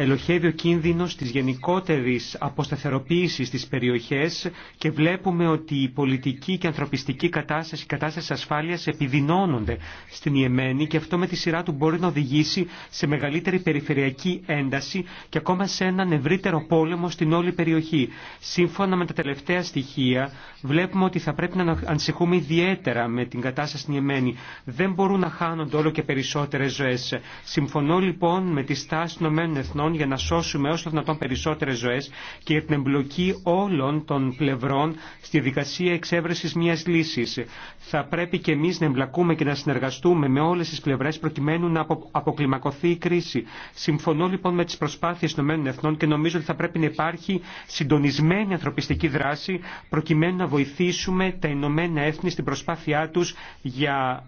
ελοχεύει ο κίνδυνος της γενικότερης αποσταθεροποίησης στις περιοχές και βλέπουμε ότι η πολιτική και ανθρωπιστική κατάσταση, η κατάσταση ασφάλειας επιδεινώνονται στην Ιεμένη και αυτό με τη σειρά του μπορεί να οδηγήσει σε μεγαλύτερη περιφερειακή ένταση και ακόμα σε έναν ευρύτερο πόλεμο στην όλη περιοχή. Σύμφωνα με τα τελευταία στοιχεία βλέπουμε ότι θα πρέπει να ανησυχούμε ιδιαίτερα με την κατάσταση στην Ιεμένη. Δεν μπορούν να χάνονται όλο και περισσότερες ζωέ. Συμφωνώ λοιπόν με τη στάση των ΗΠΑ για να σώσουμε όσο δυνατόν περισσότερε ζωέ και για την εμπλοκή όλων των πλευρών στη δικασία εξέβρεση μια λύση. Θα πρέπει και εμεί να εμπλακούμε και να συνεργαστούμε με όλε τι πλευρέ προκειμένου να αποκλιμακωθεί η κρίση. Συμφωνώ λοιπόν με τι προσπάθειε των ΗΕ και νομίζω ότι θα πρέπει να υπάρχει συντονισμένη ανθρωπιστική δράση προκειμένου να βοηθήσουμε τα Ηνωμένα Έθνη στην προσπάθειά του για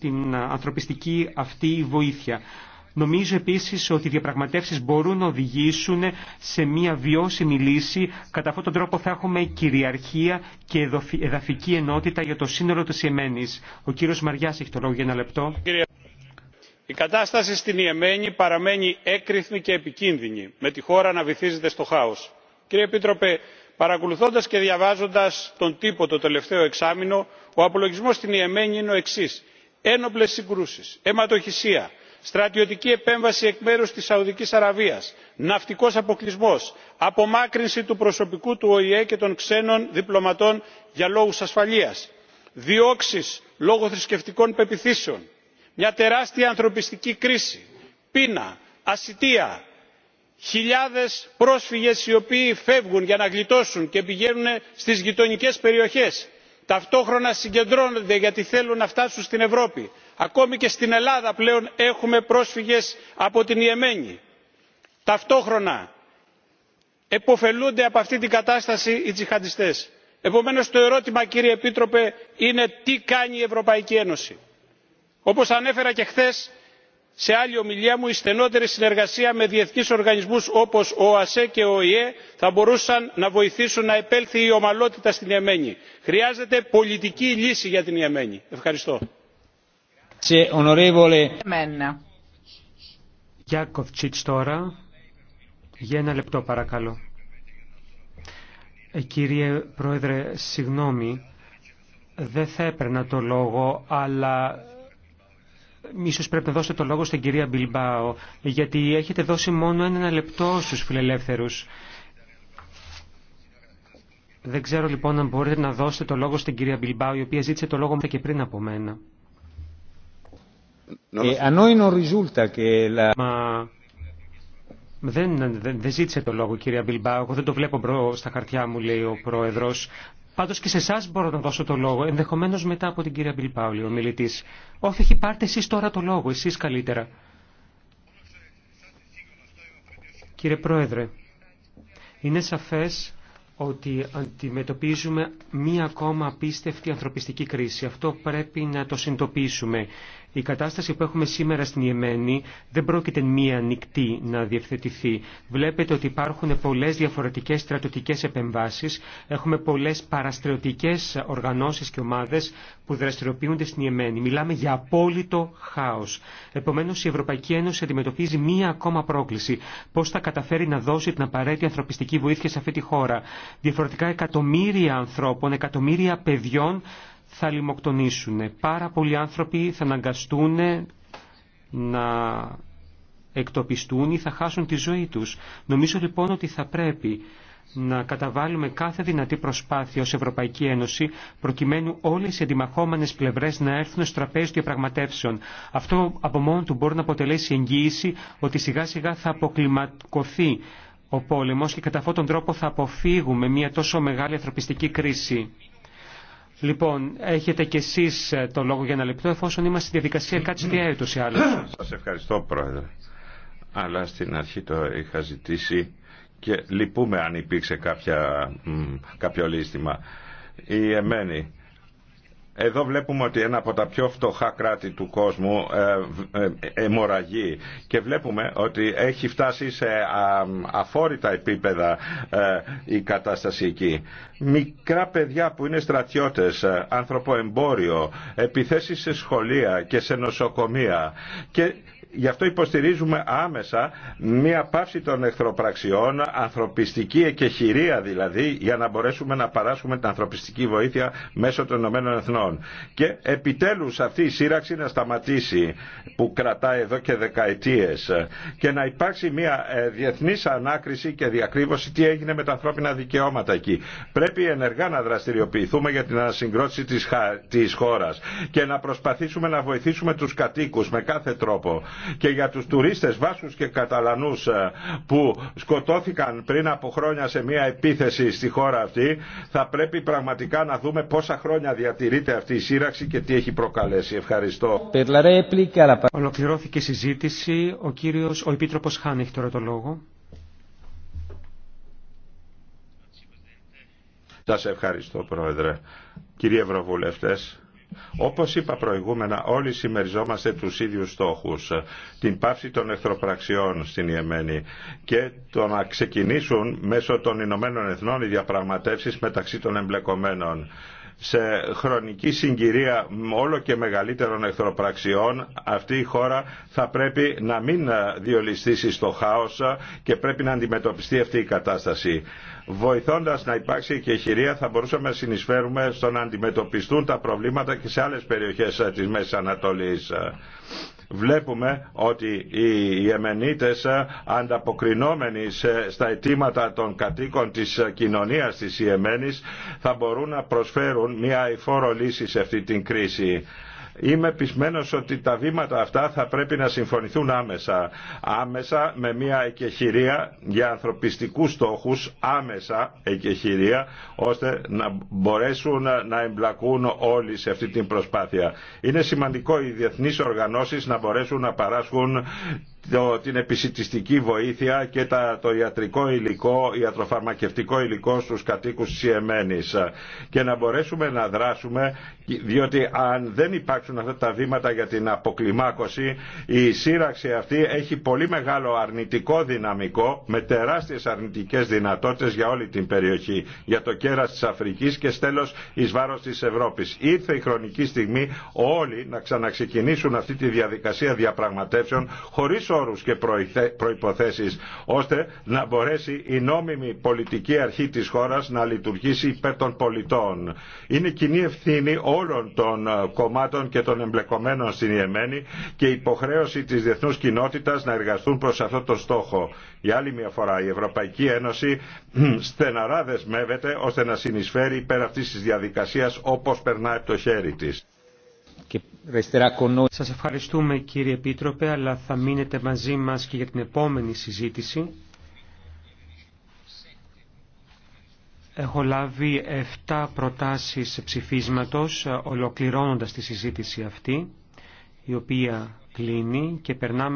την ανθρωπιστική αυτή βοήθεια. Νομίζω επίσης ότι οι διαπραγματεύσει μπορούν να οδηγήσουν σε μια βιώσιμη λύση. Κατά αυτόν τον τρόπο θα έχουμε κυριαρχία και εδαφική ενότητα για το σύνολο τη Ιεμένης. Ο κύριο Μαριάς έχει το λόγο για ένα λεπτό. Η κατάσταση στην Ιεμένη παραμένει έκρηθμη και επικίνδυνη, με τη χώρα να βυθίζεται στο χάο. Κύριε Επίτροπε, παρακολουθώντας και διαβάζοντας τον τύπο το τελευταίο εξάμεινο, ο απολογισμό στην Ιεμένη είναι ο εξής Ένοπλε συγκρούσει, αιματοχυσία, στρατιωτική επέμβαση εκ μέρους της σαουδικής αραβίας ναυτικός αποκλεισμός απομάκρυνση του προσωπικού του οηε και των ξένων διπλωματών για λόγους ασφαλείας διώξεις λόγω θρησκευτικών πεπιθήσεων. μια τεράστια ανθρωπιστική κρίση πείνα ασυτεία χιλιάδες πρόσφυγες οι οποίοι φεύγουν για να γλιτώσουν και πηγαίνουν στις γειτονικές περιοχές ταυτόχρονα συγκεντρώνονται γιατί θέλουν να φτάσουν στην ευρώπη ακόμη και στην ελλάδα πλέον έχουμε πρόσφυγες από την ιεμένη. ταυτόχρονα επωφελούνται από αυτή την κατάσταση οι τζιχαντιστές. επομένως το ερώτημα κύριε επίτροπε είναι τι κάνει η ευρωπαϊκή ένωση. όπως ανέφερα και χθες σε άλλη ομιλία μου η στενότερη συνεργασία με διεθνείς οργανισμούς όπως ο οασε και ο ΙΕ θα μπορούσαν να βοηθήσουν να επέλθει η ομαλότητα στην ιεμένη. χρειάζεται πολιτική λύση για την ιεμένη. ευχαριστώ τώρα, για ένα λεπτό παρακαλώ. Ε, κύριε Πρόεδρε, συγγνώμη, δεν θα έπαιρνα το λόγο, αλλά ίσως πρέπει να δώσετε το λόγο στην κυρία Μπιλμπάο, γιατί έχετε δώσει μόνο ένα λεπτό στους φιλελεύθερους. Δεν ξέρω λοιπόν αν μπορείτε να δώσετε το λόγο στην κυρία Μπιλμπάου, η οποία ζήτησε το λόγο και πριν από μένα. Ε, Μα δεν, δεν, δεν ζήτησε το λόγο κυρία Μπιλμπάου, εγώ δεν το βλέπω μπρο στα χαρτιά μου λέει ο πρόεδρο. Πάντως και σε εσά μπορώ να δώσω το λόγο, ενδεχομένω μετά από την κυρία Μπιλμπάου λέει ο μιλητής. Όχι, όχι, πάρτε εσεί τώρα το λόγο, εσεί καλύτερα. Κύριε Πρόεδρε, είναι σαφές ότι αντιμετωπίζουμε μία ακόμα απίστευτη ανθρωπιστική κρίση. Αυτό πρέπει να το συνειδητοποιήσουμε. Η κατάσταση που έχουμε σήμερα στην Ιεμένη δεν πρόκειται μία νυχτή να διευθετηθεί. Βλέπετε ότι υπάρχουν πολλέ διαφορετικέ στρατιωτικέ επεμβάσεις, έχουμε πολλέ παραστρεωτικέ οργανώσει και ομάδε που δραστηριοποιούνται στην Ιεμένη. Μιλάμε για απόλυτο χάο. Επομένω, η Ευρωπαϊκή Ένωση αντιμετωπίζει μία ακόμα πρόκληση. πώ θα καταφέρει να δώσει την απαραίτητη ανθρωπιστική βοήθεια σε αυτή τη χώρα. Διαφορετικά εκατομμύρια ανθρώπων, εκατομμύρια παιδιών θα λιμοκτονήσουν. Πάρα πολλοί άνθρωποι θα αναγκαστούν να εκτοπιστούν ή θα χάσουν τη ζωή τους. Νομίζω λοιπόν ότι θα πρέπει να καταβάλουμε κάθε δυνατή προσπάθεια ως Ευρωπαϊκή Ένωση προκειμένου όλες οι αντιμαχόμενες πλευρές να έρθουν στο τραπέζι διαπραγματεύσεων. Αυτό από μόνο του μπορεί να αποτελέσει εγγύηση ότι σιγά σιγά θα αποκλιμακωθεί ο πόλεμος και κατά αυτόν τον τρόπο θα αποφύγουμε μια τόσο μεγάλη ανθρωπιστική κρίση. Λοιπόν, έχετε κι εσεί ε, το λόγο για ένα λεπτό, εφόσον είμαστε στη διαδικασία κάτι διάρκεια ούτω ή άλλω. Σα ευχαριστώ, Πρόεδρε. Αλλά στην αρχή το είχα ζητήσει και λυπούμε αν υπήρξε κάποια, κάποιο λύστημα. Η εμένη εδώ βλέπουμε ότι ένα από τα πιο φτωχά κράτη του κόσμου εμορραγεί ε, ε, και βλέπουμε ότι έχει φτάσει σε αφόρητα επίπεδα ε, η κατάσταση εκεί. Μικρά παιδιά που είναι στρατιώτες, ανθρωποεμπόριο, επιθέσεις σε σχολεία και σε νοσοκομεία και γι' αυτό υποστηρίζουμε άμεσα μια πάυση των εχθροπραξιών, ανθρωπιστική εκεχηρία δηλαδή, για να μπορέσουμε να παράσουμε την ανθρωπιστική βοήθεια μέσω των Ηνωμένων Εθνών. Και επιτέλους αυτή η σύραξη να σταματήσει που κρατάει εδώ και δεκαετίες και να υπάρξει μια ε, διεθνής ανάκριση και διακρύβωση τι έγινε με τα ανθρώπινα δικαιώματα εκεί. Πρέπει ενεργά να δραστηριοποιηθούμε για την ανασυγκρότηση της, χα... χώρας και να προσπαθήσουμε να βοηθήσουμε του κατοίκους με κάθε τρόπο και για τους τουρίστες Βάσκους και Καταλανούς ε, που σκοτώθηκαν πριν από χρόνια σε μια επίθεση στη χώρα αυτή θα πρέπει πραγματικά να δούμε πόσα χρόνια διατηρείται αυτή η σύραξη και τι έχει προκαλέσει. Ευχαριστώ. Ολοκληρώθηκε συζήτηση. Ο κύριος, ο Επίτροπος Χάν έχει τώρα το λόγο. Σας ευχαριστώ Πρόεδρε. Κύριε Ευρωβουλευτές, όπως είπα προηγούμενα, όλοι συμμεριζόμαστε τους ίδιους στόχους. Την πάυση των εχθροπραξιών στην Ιεμένη και το να ξεκινήσουν μέσω των Ηνωμένων Εθνών οι διαπραγματεύσεις μεταξύ των εμπλεκομένων σε χρονική συγκυρία όλο και μεγαλύτερων εχθροπραξιών αυτή η χώρα θα πρέπει να μην διολυστήσει στο χάος και πρέπει να αντιμετωπιστεί αυτή η κατάσταση. Βοηθώντας να υπάρξει και χειρία θα μπορούσαμε να συνεισφέρουμε στο να αντιμετωπιστούν τα προβλήματα και σε άλλες περιοχές της Μέσης Ανατολής βλέπουμε ότι οι Ιεμενίτες ε, ανταποκρινόμενοι στα αιτήματα των κατοίκων της ε, κοινωνίας της Ιεμένης θα μπορούν να προσφέρουν μια αηφόρο λύση σε αυτή την κρίση. Είμαι πεισμένος ότι τα βήματα αυτά θα πρέπει να συμφωνηθούν άμεσα. Άμεσα με μια εκεχηρία για ανθρωπιστικούς στόχους, άμεσα εκεχηρία, ώστε να μπορέσουν να εμπλακούν όλοι σε αυτή την προσπάθεια. Είναι σημαντικό οι διεθνείς οργανώσεις να μπορέσουν να παράσχουν το, την επισητιστική βοήθεια και τα, το ιατρικό υλικό, ιατροφαρμακευτικό υλικό στους κατοίκους της Ιεμένης και να μπορέσουμε να δράσουμε διότι αν δεν υπάρξουν αυτά τα βήματα για την αποκλιμάκωση η σύραξη αυτή έχει πολύ μεγάλο αρνητικό δυναμικό με τεράστιες αρνητικές δυνατότητες για όλη την περιοχή για το κέρα της Αφρικής και στέλος εις βάρος της Ευρώπης. Ήρθε η χρονική στιγμή όλοι να ξαναξεκινήσουν αυτή τη διαδικασία διαπραγματεύσεων χωρίς όρους και προϋποθέσεις ώστε να μπορέσει η νόμιμη πολιτική αρχή της χώρας να λειτουργήσει υπέρ των πολιτών. Είναι κοινή ευθύνη όλων των ε, κομμάτων και των εμπλεκομένων στην Ιεμένη και υποχρέωση της διεθνούς κοινότητας να εργαστούν προς αυτό το στόχο. Για άλλη μια φορά η Ευρωπαϊκή Ένωση στεναρά δεσμεύεται ώστε να συνεισφέρει υπέρ αυτής της διαδικασίας όπως περνάει από το χέρι της. Σας ευχαριστούμε κύριε Επίτροπε, αλλά θα μείνετε μαζί μας και για την επόμενη συζήτηση. Έχω λάβει 7 προτάσεις ψηφίσματος ε, ολοκληρώνοντας τη συζήτηση αυτή, η οποία κλείνει και περνάμε